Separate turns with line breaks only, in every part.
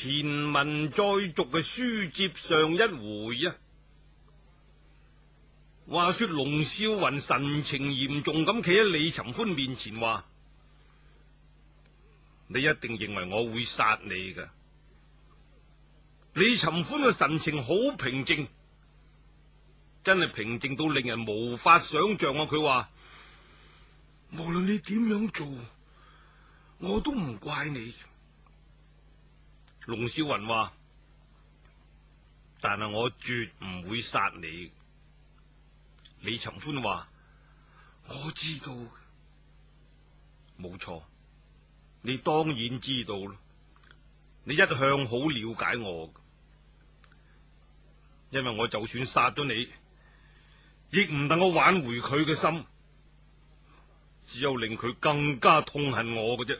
前文再續嘅書接上一回啊，話說龍少雲神情嚴重咁企喺李尋歡面前，話：你一定認為我會殺你噶？李尋歡嘅神情好平靜，真係平靜到令人無法想象啊！佢話：無論你點樣做，我都唔怪你。龍少雲話：但係我絕唔會殺你。李尋歡話：我知道，冇錯，你當然知道咯。你一向好了解我，因為我就算殺咗你，亦唔能夠挽回佢嘅心，只有令佢更加痛恨我嘅啫。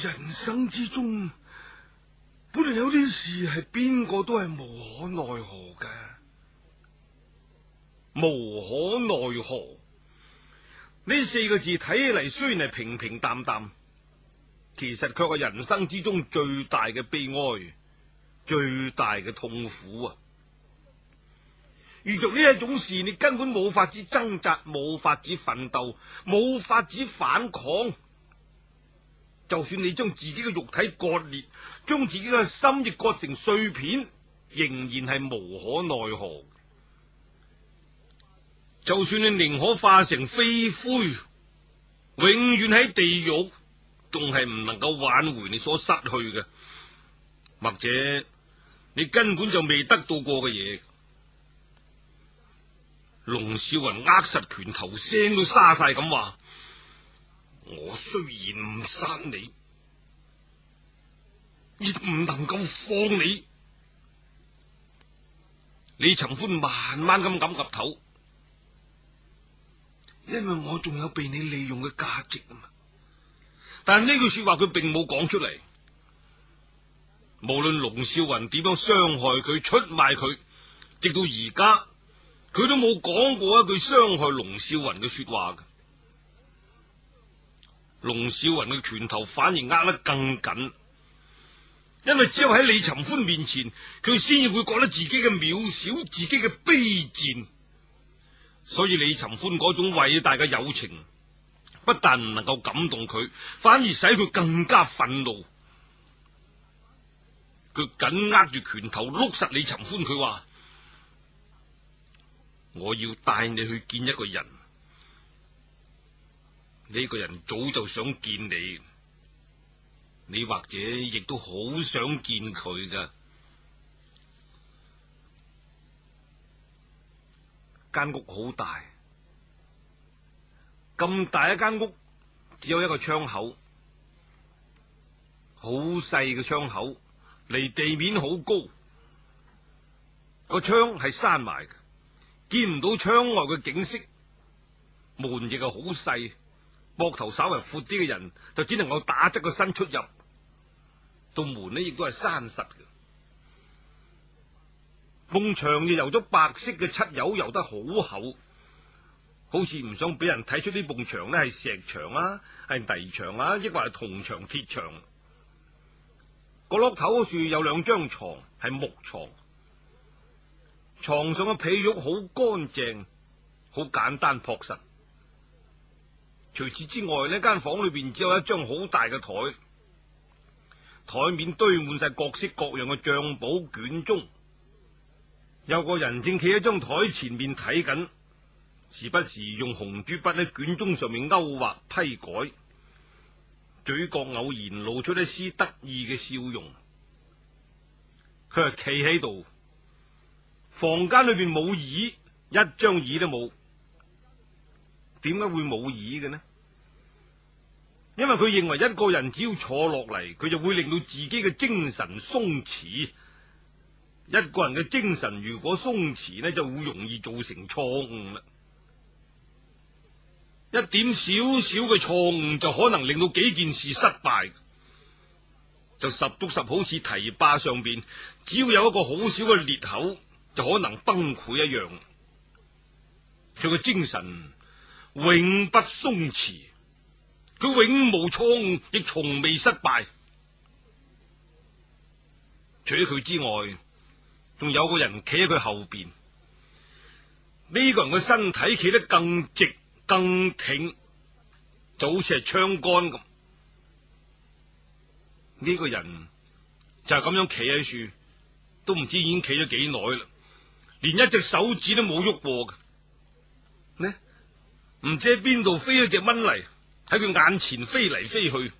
人生之中，本來有啲事係邊個都係無可奈何嘅，無可奈何呢四個字睇起嚟雖然係平平淡淡，其實卻係人生之中最大嘅悲哀，最大嘅痛苦啊！遇着呢一種事，你根本冇法子掙扎，冇法子奮鬥，冇法子反抗。就算你將自己嘅肉體割裂，將自己嘅心亦割成碎片，仍然係無可奈何。就算你寧可化成飛灰，永遠喺地獄，仲係唔能夠挽回你所失去嘅，或者你根本就未得到過嘅嘢。龍少云握實拳頭，聲都沙晒咁話。我雖然唔殺你，亦唔能夠放你。李尋歡慢慢咁岌岌頭，因為我仲有被你利用嘅價值啊嘛。但係呢句話說話佢並冇講出嚟。無論龍少雲點樣傷害佢，出賣佢，直到而家，佢都冇講過一句傷害龍少雲嘅說話嘅。龍小雲嘅拳頭反而握得更緊，因為只有喺李尋歡面前，佢先會覺得自己嘅渺小，自己嘅卑賤。所以李尋歡嗰種偉大嘅友情，不但唔能夠感動佢，反而使佢更加憤怒。佢緊握住拳頭，碌實李尋歡，佢話：我要帶你去見一個人。呢個人早就想見你，你或者亦都好想見佢噶。間屋好大，咁大一間屋，只有一個窗口，好細嘅窗口，離地面好高，個窗係閂埋嘅，見唔到窗外嘅景色，門亦係好細。膊頭稍微闊啲嘅人就只能夠打側個身出入，道門呢亦都係山實嘅。埲牆就油咗白色嘅漆油，油得好厚，好似唔想俾人睇出呢埲牆呢係石牆啊，係泥牆啊，抑或係銅牆鐵牆。角落頭嗰處有兩張床，係木床，床上嘅被褥好乾淨，好簡單樸實。除此之外，呢間房裏邊只有一張好大嘅台，台面堆滿曬各式各樣嘅賬簿卷宗。有個人正企喺張台前面睇緊，時不時用紅珠筆喺卷宗上面勾畫批改，嘴角偶然露出一絲得意嘅笑容。佢係企喺度，房間裏邊冇椅，一張椅都冇，點解會冇椅嘅呢？因為佢認為一個人只要坐落嚟，佢就會令到自己嘅精神鬆弛。一個人嘅精神如果鬆弛呢，就會容易造成錯誤啦。一點少少嘅錯誤就可能令到幾件事失敗，就十足十好似堤壩上邊，只要有一個好少嘅裂口，就可能崩潰一樣。佢嘅精神永不鬆弛。佢永無錯誤，亦從未失敗。除咗佢之外，仲有個人企喺佢後邊。呢個人嘅身體企得更直，更挺，就好似係槍桿咁。呢個人就係咁樣企喺樹，都唔知已經企咗幾耐啦，連一隻手指都冇喐過嘅。呢唔知喺邊度飛咗隻蚊嚟，喺佢眼前飛嚟飛去，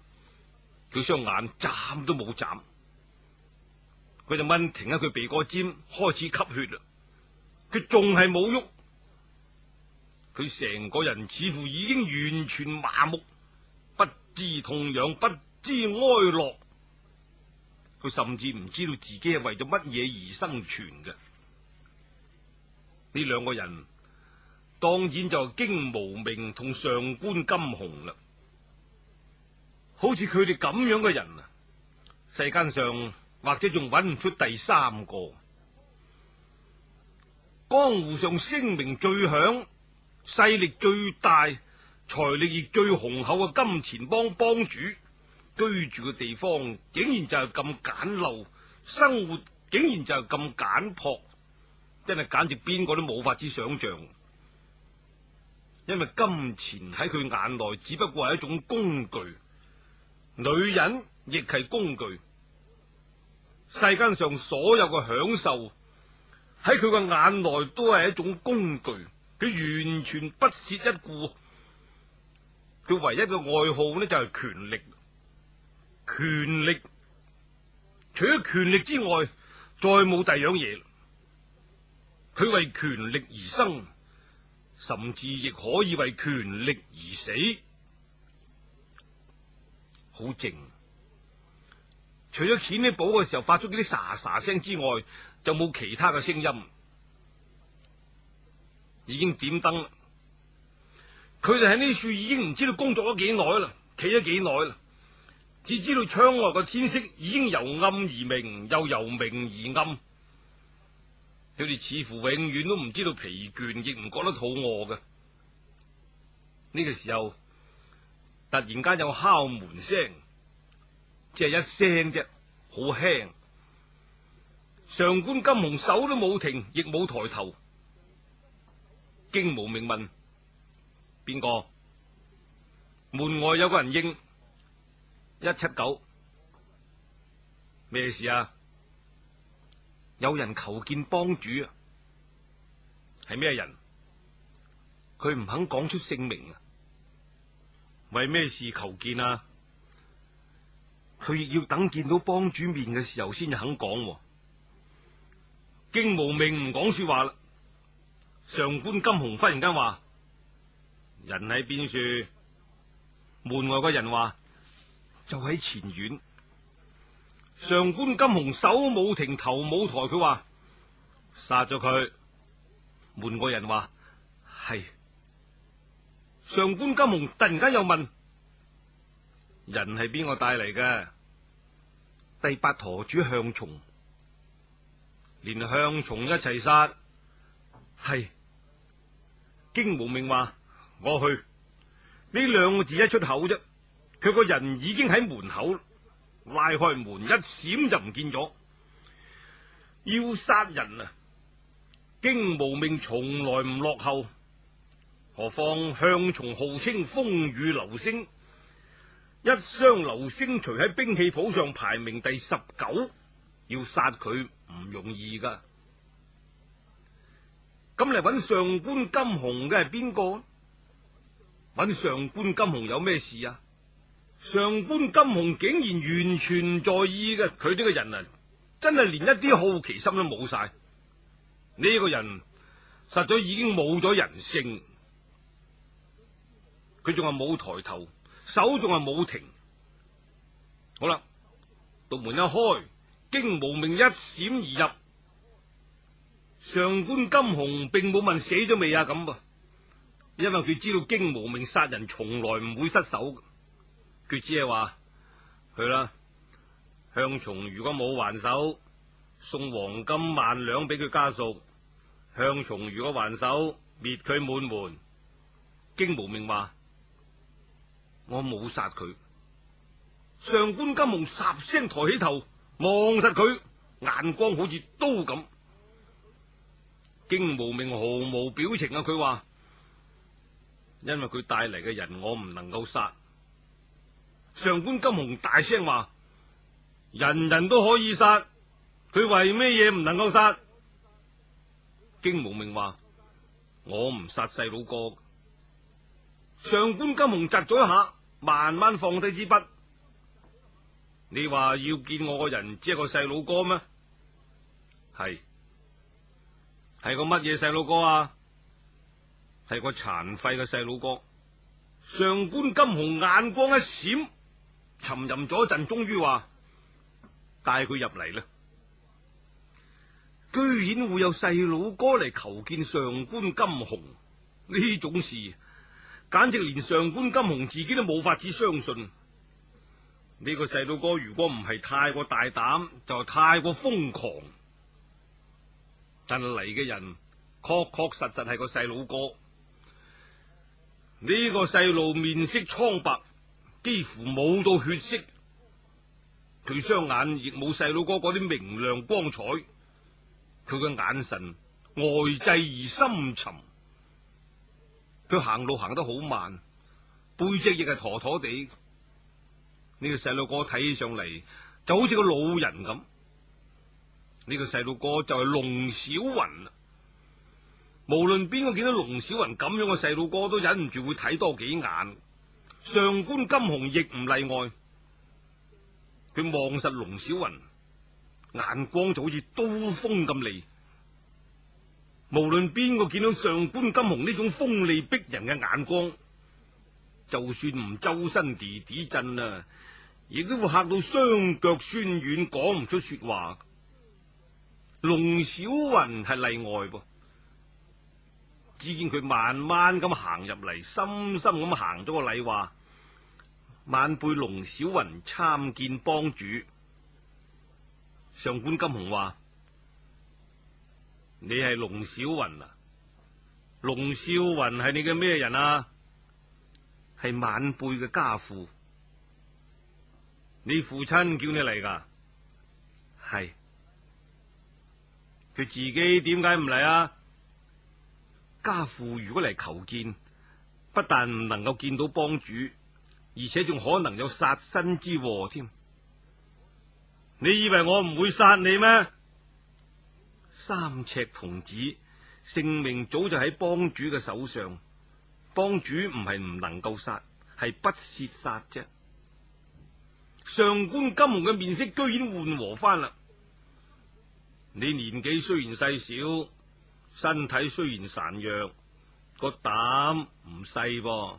佢雙眼眨都冇眨。佢就掹停喺佢鼻哥尖，開始吸血啦。佢仲係冇喐，佢成個人似乎已經完全麻木，不知痛癢，不知哀樂。佢甚至唔知道自己係為咗乜嘢而生存嘅。呢兩個人。當然就係荊無命同上官金虹啦，好似佢哋咁樣嘅人，啊。世間上或者仲揾唔出第三個。江湖上聲名最響、勢力最大、財力亦最雄厚嘅金錢幫幫主，居住嘅地方竟然就係咁簡陋，生活竟然就係咁簡樸，真係簡直邊個都冇法子想象。因為金錢喺佢眼內只不過係一種工具，女人亦係工具，世間上所有嘅享受喺佢嘅眼內都係一種工具，佢完全不屑一顧。佢唯一嘅愛好呢，就係權力。權力除咗權力之外，再冇第二樣嘢。佢為權力而生。甚至亦可以為權力而死，好靜。除咗錢呢寶嘅時候發出嗰啲沙沙聲之外，就冇其他嘅聲音。已經點燈啦。佢哋喺呢處已經唔知道工作咗幾耐啦，企咗幾耐啦，只知道窗外嘅天色已經由暗而明，又由明而暗。佢哋似乎永遠都唔知道疲倦，亦唔覺得肚餓嘅。呢、這個時候突然間有敲門聲，只係一聲啫，好輕。上官金虹手都冇停，亦冇抬頭，荊無命問：邊個？門外有個人應：一七九，咩事啊？有人求見幫主啊，係咩人？佢唔肯講出姓名啊，為咩事求見啊？佢亦要等見到幫主面嘅時候先至肯講啊。驚無命唔講說話啦。上官金鴻忽然間話：人喺邊處？門外個人話：就喺前院。上官金虹手冇停，頭冇抬，佢話殺咗佢。門嗰人話係上官金虹，突然間又問人係邊個帶嚟嘅？第八陀主向松，連向松一齊殺。係荊無命話我去呢兩個字一出口啫，佢個人已經喺門口。拉開門一閃就唔見咗，要殺人啊！驚無命從來唔落後，何況向從號稱風雨流星，一雙流星錘喺兵器譜上排名第十九，要殺佢唔容易噶。咁你揾上官金鴻嘅係邊個？揾上官金鴻有咩事啊？上官金鴻竟然完全在意嘅，佢呢個人啊，真係連一啲好奇心都冇晒。呢個人實在已經冇咗人性。佢仲係冇抬頭，手仲係冇停。好啦，道門一開，驚無名一閃而入。上官金鴻並冇問死咗未啊，咁，因為佢知道驚無名殺人從來唔會失手。佢只係話：去啦，向松如果冇還手，送黃金萬兩俾佢家屬；向松如果還手，滅佢滿門。荊無命話：我冇殺佢。上官金虹十聲抬起頭望實佢，眼光好似刀咁。荊無命毫無表情啊！佢話：因為佢帶嚟嘅人我，我唔能夠殺。上官金鴻大聲話：人人都可以殺，佢為咩嘢唔能夠殺？荊無命話：我唔殺細佬哥。上官金鴻窒咗一下，慢慢放低支筆。你話要見我個人只係個細佬哥咩？係係個乜嘢細佬哥啊？係個殘廢嘅細佬哥。上官金鴻眼光一閃。沉吟咗一陣，終於話，帶佢入嚟啦。居然會有細佬哥嚟求見上官金鴻，呢種事簡直連上官金鴻自己都冇法子相信。呢個細路哥如果唔係太過大膽，就太過瘋狂。但嚟嘅人確確實實係個細佬哥。呢個細路面色蒼白。幾乎冇到血色，佢雙眼亦冇細路哥啲明亮光彩，佢嘅眼神呆滯、呃、而深沉，佢行路行得好慢，背脊亦係陀陀地。呢、這個細路哥睇起上嚟，就好似個老人咁，呢、這個細路哥就係龍小雲啦。無論邊個見到龍小雲咁樣嘅細路哥，都忍唔住會睇多幾眼。上官金鴻亦唔例外，佢望實龍小雲，眼光就好似刀鋒咁利，無論邊個見到上官金鴻呢種鋒利逼人嘅眼光，就算唔周身跌跌震啦，亦都會嚇到雙腳酸軟，講唔出說話。龍小雲係例外噃，只見佢慢慢咁行入嚟，深深咁行咗個禮話。晚輩龍小雲參見幫主，上官金虹話：你係龍小雲啊，龍少雲係你嘅咩人啊？係晚輩嘅家父，你父親叫你嚟㗎？係。佢自己點解唔嚟啊？家父如果嚟求見，不但唔能夠見到幫主。而且仲可能有殺身之禍添，你以為我唔會殺你咩？三尺童子性命早就喺幫主嘅手上，幫主唔係唔能夠殺，係不屑殺啫。上官金虹嘅面色居然緩和翻啦，你年紀雖然細小，身體雖然孱弱，個膽唔細噃。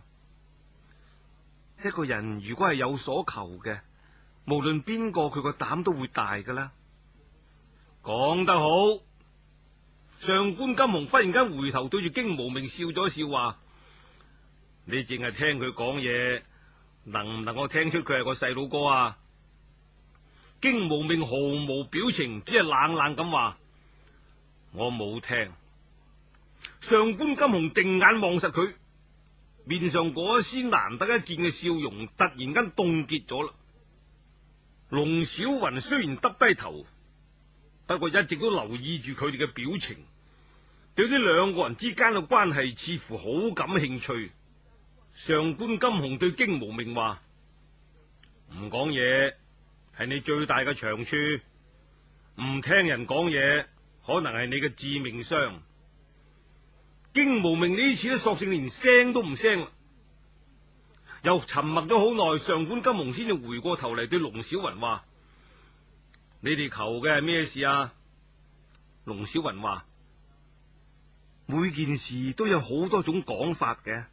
一個人如果係有所求嘅，無論邊個，佢個膽都會大㗎啦。講得好，上官金鴻忽然間回頭對住荊無命笑咗笑，話：你淨係聽佢講嘢，能唔能夠聽出佢係個細佬哥啊？荊無命毫無表情，只係冷冷咁話：我冇聽。上官金鴻定眼望實佢。面上嗰絲難得一見嘅笑容突然間凍結咗啦。龍小雲雖然耷低頭，不過一直都留意住佢哋嘅表情，對呢兩個人之間嘅關係似乎好感興趣。上官金鴻對荊無命話，唔講嘢係你最大嘅長處，唔聽人講嘢可能係你嘅致命傷。經無名呢次都索性連聲都唔聲啦，又沉默咗好耐。上官金鴻先至回過頭嚟對龍小雲話： 你哋求嘅係咩事啊？龍小雲話： 每件事都有好多種講法嘅，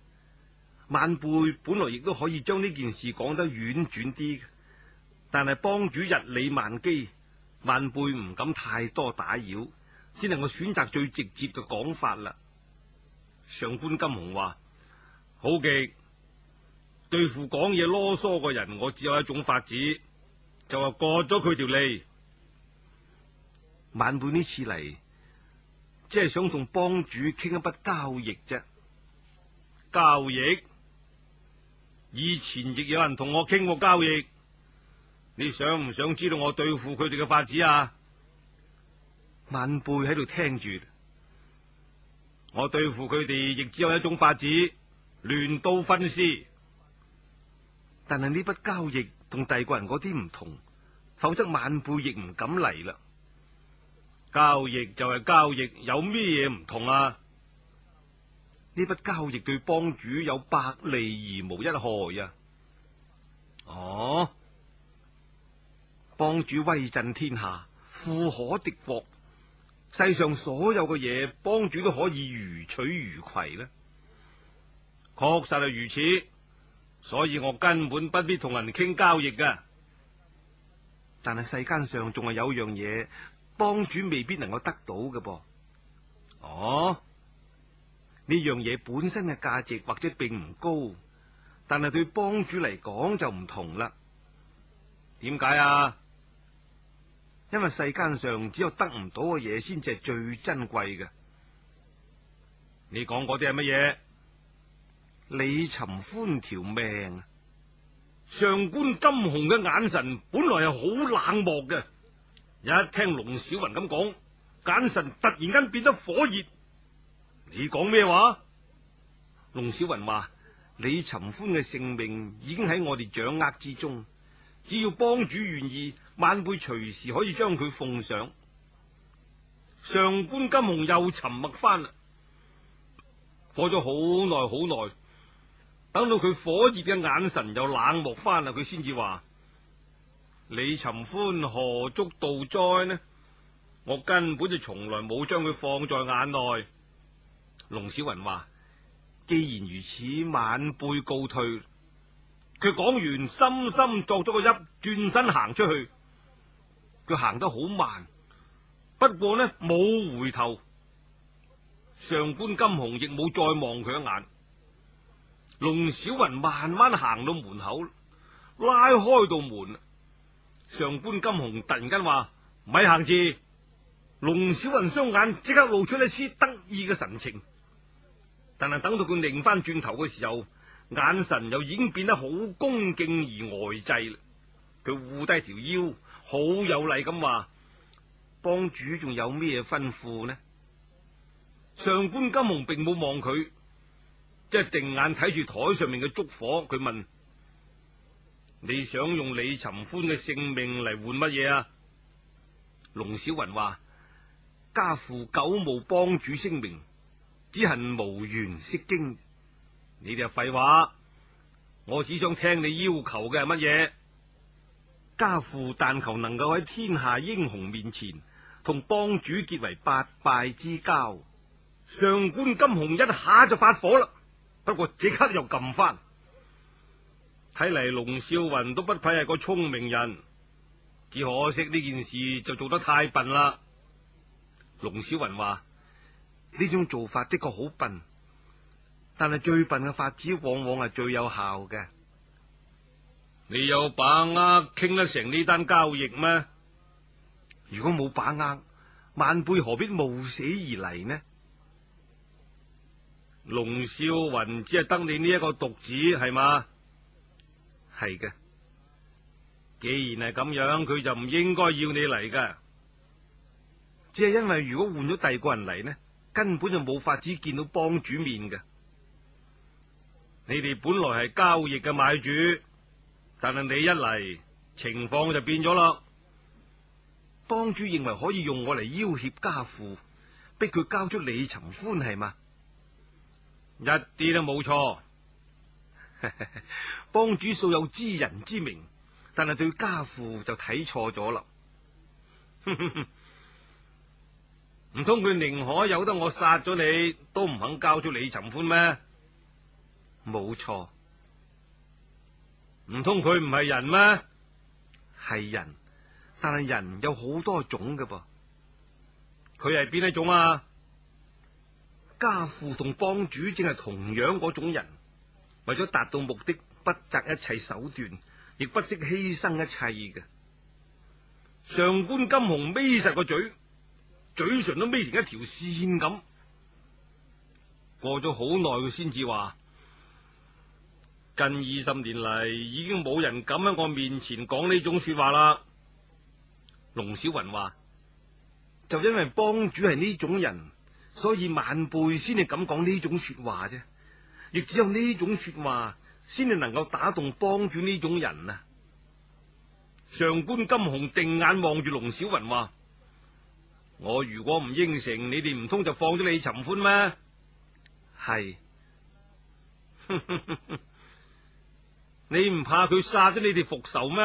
晚輩本來亦都可以將呢件事講得婉轉啲，但係幫主日理萬機，晚輩唔敢太多打擾，只能夠選擇最直接嘅講法啦。上官金雄話：好極，對付講嘢囉嗦個人，我只有一種法子，就話割咗佢條脷。晚輩呢次嚟，即係想同幫主傾一筆交易啫。交易，以前亦有人同我傾過交易，你想唔想知道我對付佢哋嘅法子啊？晚輩喺度聽住。我對付佢哋亦只有一種法子，亂刀分屍。但係呢筆交易同第二個人嗰啲唔同，否則晚輩亦唔敢嚟啦。交易就係交易，有咩嘢唔同啊？呢筆交易對幫主有百利而無一害呀，啊！哦，幫主威震天下，富可敵國。世上所有嘅嘢，幫主都可以如取如攜啦。確實係如此，所以我根本不必同人傾交易噶。但係世間上仲係有樣嘢，幫主未必能夠得到嘅噃。哦，呢樣嘢本身嘅價值或者並唔高，但係對幫主嚟講就唔同啦。點解啊？因為世間上只有得唔到嘅嘢先至係最珍貴嘅。你講啲係乜嘢？李尋歡條命。啊！上官金虹嘅眼神本來係好冷漠嘅，一聽龍小雲咁講，眼神突然間變得火熱。你講咩話？龍小雲話：李尋歡嘅性命已經喺我哋掌握之中。只要幫主願意，晚輩隨時可以將佢奉上。上官金虹又沉默翻啦，火咗好耐好耐，等到佢火熱嘅眼神又冷漠翻啦，佢先至話：李尋歡何足道哉呢？我根本就從來冇將佢放在眼內。龍小雲話：既然如此，晚輩告退。佢講完，深深作咗個揖，轉身行出去。佢行得好慢，不過呢，冇回頭。上官金虹亦冇再望佢一眼。龍小雲慢慢行到門口，拉開道門。上官金虹突然間話：「咪行住！」龍小雲雙眼即刻露出一絲得意嘅神情。但係等到佢擰翻轉頭嘅時候。眼神又已經變得好恭敬而呆滯啦。佢護低條腰，好有禮咁話：幫主仲有咩吩咐呢？上官金虹並冇望佢，即係定眼睇住台上面嘅燭火。佢問：你想用李尋歡嘅性命嚟換乜嘢啊？龍小雲話：家父久無幫主聲名，只恨無緣識荊。你哋係廢話，我只想聽你要求嘅係乜嘢？家父但求能夠喺天下英雄面前同幫主結為八拜之交。上官金鴻一下就發火啦，不過即刻又撳翻。睇嚟龍少雲都不愧係個聰明人，只可惜呢件事就做得太笨啦。龍少雲話：呢種做法的確好笨。但係最笨嘅法子，往往係最有效嘅。你有把握傾得成呢單交易咩？如果冇把握，晚輩何必冒死而嚟呢？龍少雲，只係得你呢一個獨子係嘛？係嘅。的既然係咁樣，佢就唔應該要你嚟噶。只係因為如果換咗第二個人嚟呢，根本就冇法子見到幫主面嘅。你哋本來係交易嘅買主，但係你一嚟，情況就變咗啦。幫主認為可以用我嚟要挾家父，逼佢交出李尋歡，係嘛？一啲都冇錯。幫 主素有知人之明，但係對家父就睇錯咗啦。唔通佢寧可由得我殺咗你，都唔肯交出李尋歡咩？冇錯，唔通佢唔係人咩？係人，但係人有好多種嘅噃。佢係邊一種啊？家父同幫主正係同樣嗰種人，為咗達到目的，不擇一切手段，亦不惜犧牲一切嘅。上官金鴻眯實個嘴，嘴唇都眯成一條線咁。過咗好耐，佢先至話。近二十年嚟，已經冇人敢喺我面前講呢種說話啦。龍小雲話，就因為幫主係呢種人，所以晚輩先至敢講呢種、種說話啫。亦只有呢種說話先至能夠打動幫主呢種人啊！上官金虹定眼望住龍小雲話，我如果唔應承，你哋唔通就放咗李尋歡咩？係是。 你唔怕佢殺咗你哋復仇咩？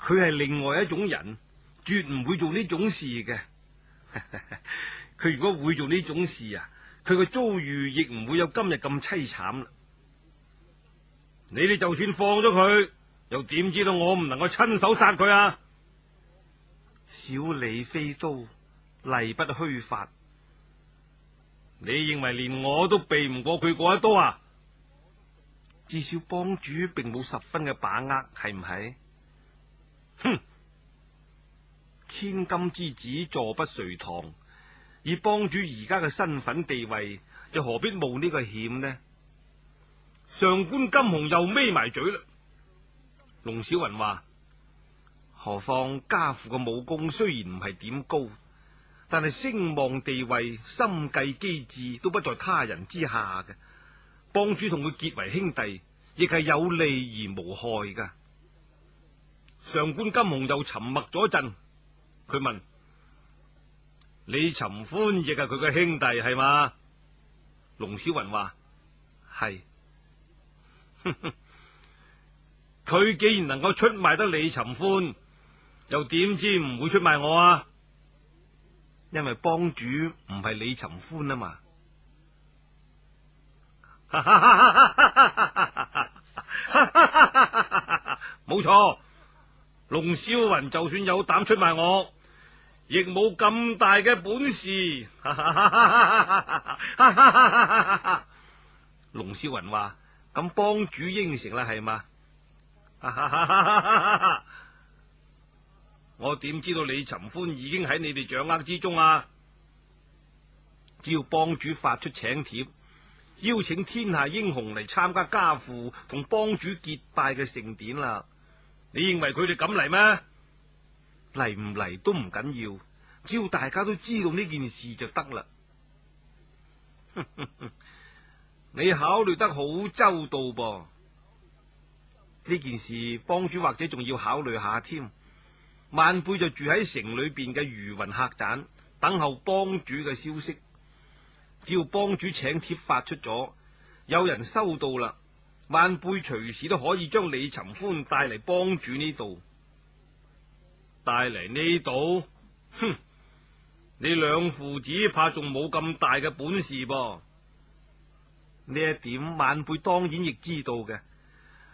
佢係另外一種人，絕唔會做呢種事嘅。佢 如果會做呢種事啊，佢嘅遭遇亦唔會有今日咁凄慘啦。你哋就算放咗佢，又點知道我唔能夠親手殺佢啊？小李飛刀，例不虛發。你認為連我都避唔過佢嗰一刀啊？至少幫主並冇十分嘅把握，係唔係？哼，千金之子坐不垂堂，以幫主而家嘅身份地位，又何必冒呢個險呢？上官金虹又眯埋嘴啦。龍小雲話：何況家父嘅武功雖然唔係點高，但係聲望地位、心計機智都不在他人之下嘅。幫主同佢結為兄弟，亦係有利而無害噶上官金虹又沉默咗一陣，佢問：李尋歡亦係佢嘅兄弟係嘛？龍小雲話：係。佢 既然能夠出賣得李尋歡，又點知唔會出賣我啊？因為幫主唔係李尋歡啊嘛。冇錯，龍 少雲就算有膽出賣我，亦冇咁大嘅本事。龍 少雲話：咁幫主應承啦，係嘛？ 我點知道李尋歡已經喺你哋掌握之中啊？只要幫主發出請帖。邀請天下英雄嚟參加家父同幫主結拜嘅盛典啦！你認為佢哋敢嚟咩？嚟唔嚟都唔緊要，只要大家都知道呢件事就得啦。 你考慮得好周到噃，呢件事幫主或者仲要考慮下添。晚輩就住喺城裏邊嘅如雲客棧，等候幫主嘅消息。只要幫主請帖發出咗，有人收到啦。晚輩隨時都可以將李尋歡帶嚟幫主呢度，帶嚟呢度。哼，你兩父子怕仲冇咁大嘅本事噃，啊？呢一點晚輩當然亦知道嘅。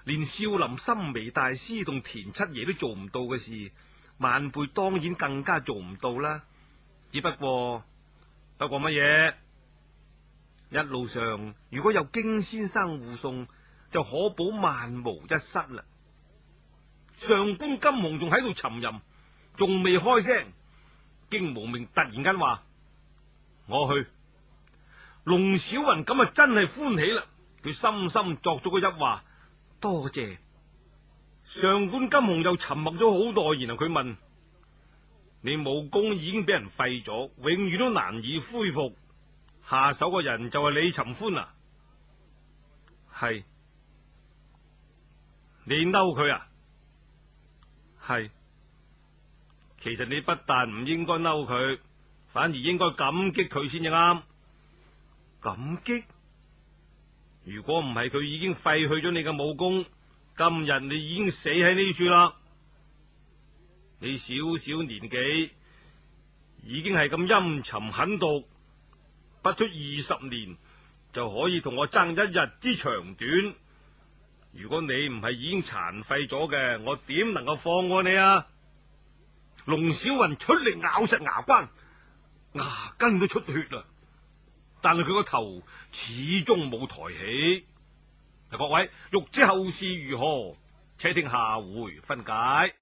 連少林心眉大師同田七爺都做唔到嘅事，晚輩當然更加做唔到啦。只不過，不過乜嘢？一路上，如果有荊先生護送，就可保萬無一失啦。上官金鴻仲喺度沉吟，仲未開聲。荊無命突然間話：我去。龍小雲咁啊，真係歡喜啦！佢深深作咗個揖話，多謝。上官金鴻又沉默咗好耐，然後佢問：你武功已經俾人廢咗，永遠都難以恢復。下手個人就係李尋歡啊。係，你嬲佢啊？係，其實你不但唔應該嬲佢，反而應該感激佢先至啱。感激？如果唔係佢已經廢去咗你嘅武功，今日你已經死喺呢處啦。你小小年紀，已經係咁陰沉狠毒。不出二十年就可以同我爭一日之長短。如果你唔係已經殘廢咗嘅，我點能夠放過你啊？龍小雲出力咬實牙關，牙根都出血啦。但係佢個頭始終冇抬起。嗱，各位欲知後事如何，且聽下回分解。